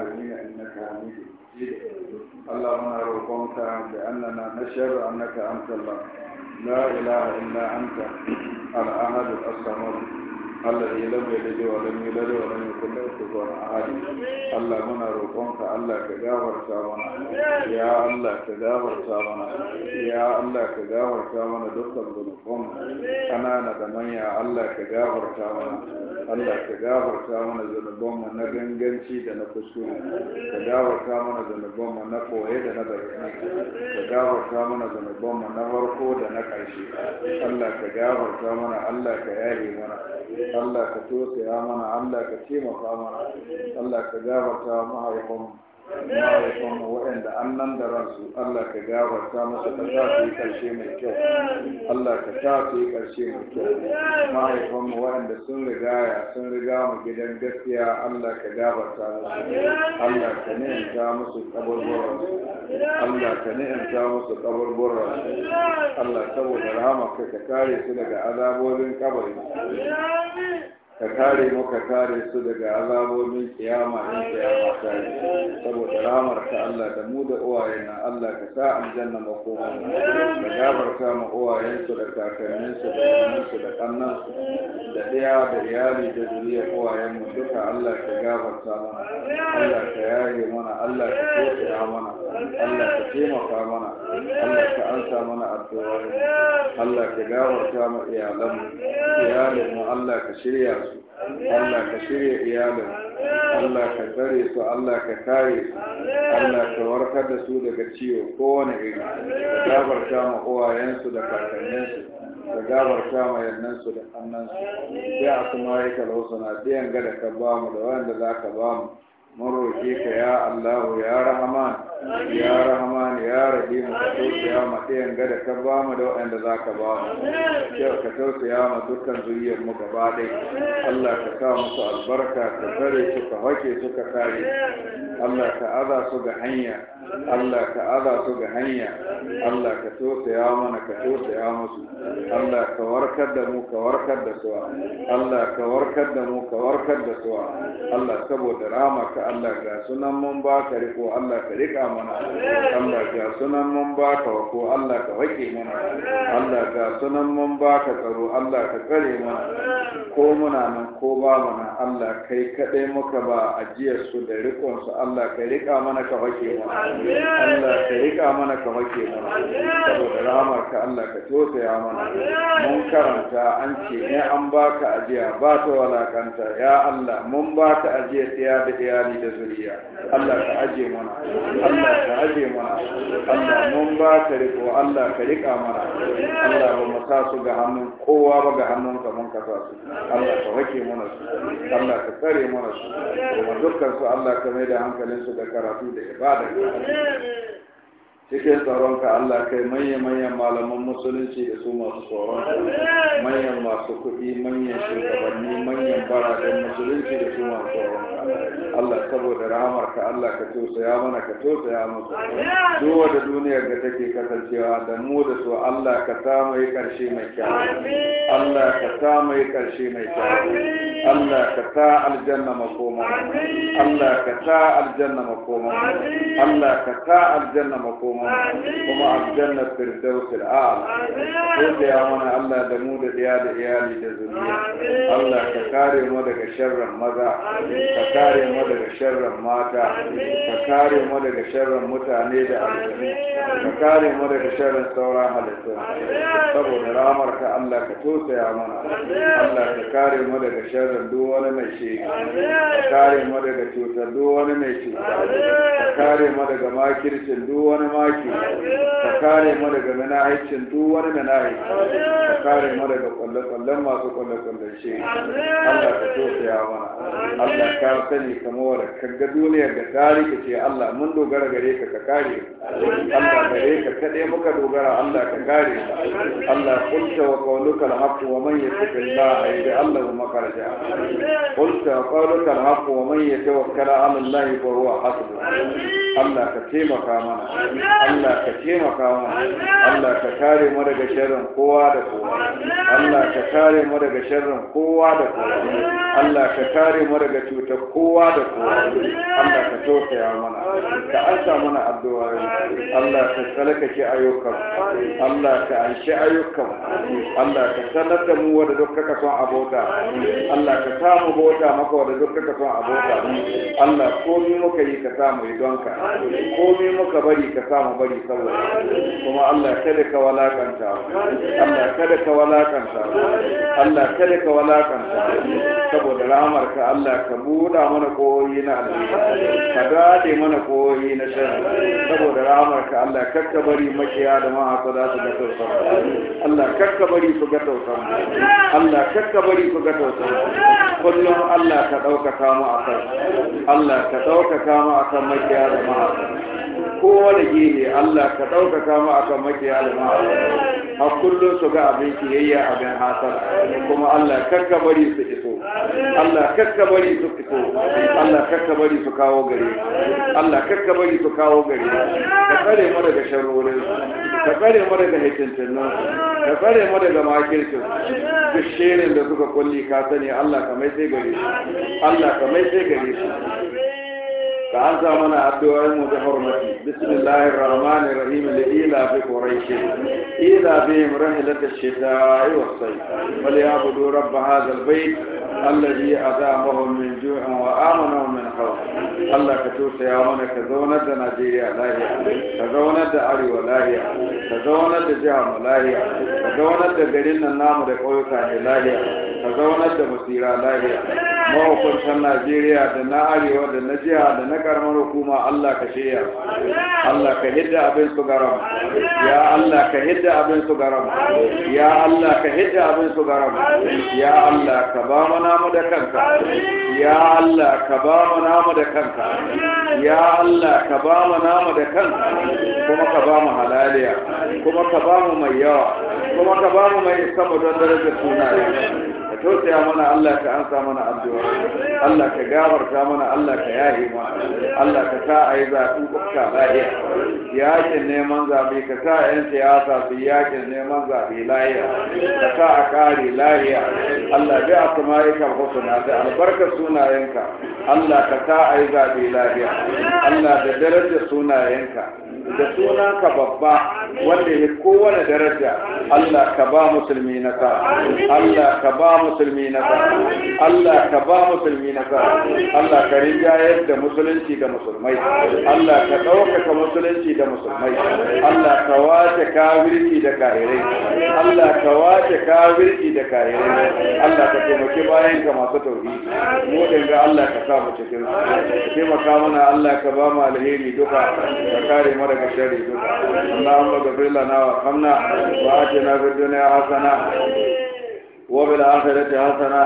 العالمين إنك حميد اللهم نرقمك بأننا نشهد أنك أنت الله لا إله إلا أنت الأحد الصمد الذي لم يلد ولم يولد ولم يكن له كفوا أحد اللهم نرقمك الله كجاور سامنا ya Allah ka gafarta mana ya Allah ka gafarta mana dukkan zunuban kanana da manya Allah ka gafarta mana Allah ka gafarta mana zunuban mu na ganganci da na kuskure ka gafarta mana zunuban mu na koye da na bayyana ka gafarta mana zunuban mu na farko da na ƙarshe Allah ka gafarta mana Allah ka yare mana Allah ka tosaya mana Allah ka taimaka mana Allah ka gafarta mahaifan na roƙon mu waɗanda an nan da ransu Allah ka gawarta musu ka sa su yi ƙarshe mai kyau Allah ka sa su yi ƙarshe mai kyau mahaifan mu waɗanda sun rigaya sun riga mu gidan gaskiya Allah ka gawarta musu Allah ka ni'imta musu kaburburan Allah ka ni'imta musu kaburburan Allah saboda rahama ka kare su daga azabobin kabari ka kare mu kare su daga azabomin kiyama in kiyama ta yi saboda ramar ka Allah da mu da uwaye na Allah ka sa aljanna makoma ka gabarta mu uwayen su da kakannin su da yanin su da kannan su da ɗaya da iyali da zuriyar uwayen mu duka Allah ka gabarta mana Allah ka yaye mana Allah ka kote mana Allah ka taimaka mana Allah ka ansa mana addu'a Allah ka gawarta mu iyalan mu. iyalan mu Allah ka shirya su Allah ka shirya iyalan Allah ka tsare su Allah ka kare su Allah ka warkar da su daga ciwo kowane iri ka gabarta mu uwayensu da kakanninsu ka gabarta ma yannansu da kannansu sai a kuma yi kalhausana biyan ga da ka bamu da wanda za ka bamu mun roƙe ka ya Allah ya rahama. ya rahman ya rahim ka tausaya ma ɗayan gada ka ba mu da waɗanda za ka ba mu yau ka tausaya ma dukkan zuriyar mu gaba ɗai Allah ka sa musu albarka ka tsare su ka hake su ka kare Allah ka aza su ga hanya Allah ka aza su ga hanya Allah ka tausaya mana ka tausaya musu Allah ka warkar da mu ka warkar da su Allah ka warkar da mu ka warkar da su Allah saboda rama ka Allah ga sunan mun ba ka riko Allah ka riƙa. mana Allah ga sunan mun baka ko Allah ka wake mana Allah ga sunan mun baka tsaro Allah ka tsare mana ko muna nan ko ba mana Allah kai kadai muka ba ajiyar su da rikon su Allah ka rika mana ka wake mana Allah ka rika mana ka wake mana saboda rahmar ka Allah ka tosaya mana mun karanta an ce ne an baka ajiya ba ta walakanta ya Allah mun baka ajiya ta da iyali da zuriya Allah ka aje mana Allah ka aje ma Allah mun ba ka riko Allah ka rika mana Allah ba mata su ga hannun kowa ba ga hannun ka mun kasa su Allah ka wake mana su Allah ka tsare mana su kuma dukkan su Allah ka mai da hankalin su ga karatu da ibada cikin tsaronka Allah kai manya-manyan malaman musulunci da su masu tsoron manyan masu kuɗi manyan shugabanni manyan barakan musulunci da su masu tsoron Allah saboda rahamar ka Allah ka tausaya mana ka tausaya musu duk da duniyar da take kasancewa da mu da su Allah ka sa mai karshe mai kyau Allah ka sa mai karshe mai kyau Allah ka sa aljanna makoma Allah ka sa aljanna makoma Allah ka sa aljanna makoma kuma aljanna firdaus al'ala ko da ya mana Allah da mu da diya da iyali da zuriya Allah ka kare mu daga sharrin maza ka kare mu daga sharrin mata ka kare mu daga sharrin mutane da aljanu ka kare mu daga sharrin sauran halittu saboda ramar ka Allah ka tosaya mana Allah ka kare mu daga sharrin duk wani mai shi ka kare mu daga cutar duk wani mai shi ka kare mu daga makircin duk wani maki ka kare mu daga manahicin duk wani manahi ka kare mu daga kwalle-kwallen masu kwalle-kwallen shi Allah ka tosaya mana Allah ka sani kamar wadda kaga duniyar da tarihi ce Allah mun dogara gare ka ka kare Allah gare ka kaɗai muka dogara Allah ka kare Allah ya kulta wa kaunukar haku wa manya tafi da a yi da Allah ya makarja. Kulta wa kaunukar haku wa manya ta wa kara amin layi ba ruwa haku. Allah ka taimaka mana, Allah ka taimaka mana, Allah ka kare mu daga sharrin kowa da kowa. Allah ka kare mu daga sharrin kowa da kowa. Allah ka kare mu daga cutar kowa da kowa Allah ka tausaya mana ka ansa mana addu'a Allah ka salakace ayyukan Allah ka anshi ayyukan Allah ka sanar da mu wanda duk kaka son abota Allah ka samu bota maka wanda duk kaka son abota Allah komai muka yi ka samu ka. komai muka bari ka samu bari saboda kuma Allah kada ka walakanta Allah kada ka walakanta Allah kada ka walakanta saboda ramar ka Allah ka buɗa mana koyi na alheri ka dade mana koyi na shan saboda ramar ka Allah kakka bari makiya da za su ga tausan Allah kakka bari su ga tausan Allah kakka bari su ga tausan kullum Allah ka ɗaukaka mu akan, Allah ka ɗaukaka mu akan makiya da mahasada kowane gehe Allah ka ɗaukaka mu akan makiya da ma a kullum su ga abin kiyayya abin hasara kuma Allah kakka bari su Allah kakka bari su fito Allah kakka bari su kawo gare Allah kakka bari su kawo gare ka tsare mu daga sharrorin ka tsare mu daga hitintin nan ka tsare mu daga makircin duk shirin da suka kulli ka sani Allah ka mai sai gare Allah ka mai sai gare su ka an sa mana addu'o'in mu da hurmati bismillahir rahmanir rahim li ila fi quraish ila bihim rahlat ash-shita'i was-sayf falyabudu rabb hadha al-bayt الذي أدامهم من جوع وآمنوا من خوف الله كتوسى يا من كزونة نجيريا لاهية كزونة أريو لاهية كزونة جهة لاهية كزونة جرين النام لقويك لاهية ka zaunar da basira lahiya mahukuntan najeriya da na arewa da na jiha da na karamar hukuma allah ka shirya allah ka hidda abin su garam ya allah ka hidda abin su garam ya allah ka hidda abin su garam ya allah ka ba mu namu da kanka ya allah ka ba mu namu da kanka ya allah ka ba mu namu da kanka kuma ka ba mu halaliya kuma ka ba mu mai yawa kuma ka ba mu mai sama don darajar sunaye tausaya mana Allah ka ansa mana addu'a Allah ka gafarta mana Allah ka yahe mana Allah ka sa a yi zaɓi kuka lahiya yakin neman zaɓe ka sa yan siyasa su yakin neman zaɓe lahiya ka sa a kare lahiya Allah bi a samayikan husuna da albarkar sunayenka Allah ka sa a yi zaɓe lahiya Allah da darajar sunayenka da sunanka babba wanda ya kowane daraja Allah ka ba musulmi na nasara Allah ka ba musulmi na nasara Allah ka ba musulmi na nasara Allah ka rinjayar da musulunci da musulmai Allah ka ɗaukaka musulunci da musulmai Allah ka wace kafirci da kahirai Allah ka wace kafirci da kahirai Allah ka taimaki bayan ka masu tauhidi mu dinga Allah ka sa mu cikin su taimaka mana Allah ka ba mu alheri duka ka kare mara daga sharri duka Allahumma اللهم لنا وارحمنا وآتنا في الدنيا حسنة وبالآخرة حسنة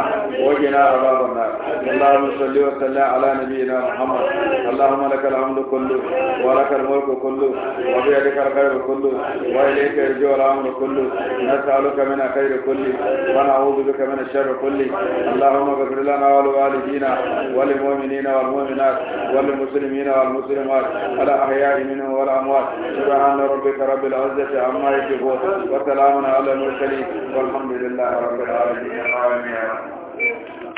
وقنا عذاب النار اللهم صل وسلم على نبينا محمد اللهم لك الحمد كله ولك الملك كله وبيدك الخير كله وإليك يرجع الأمر كله نسألك من الخير كله ونعوذ بك من الشر كله اللهم اغفر لنا ولوالدينا وللمؤمنين والمؤمنات وللمسلمين والمسلمات الأحياء منهم والأموات سبحان ربك رب العزة عما يصفون وسلام على المرسلين والحمد لله رب العالمين الله الأولياء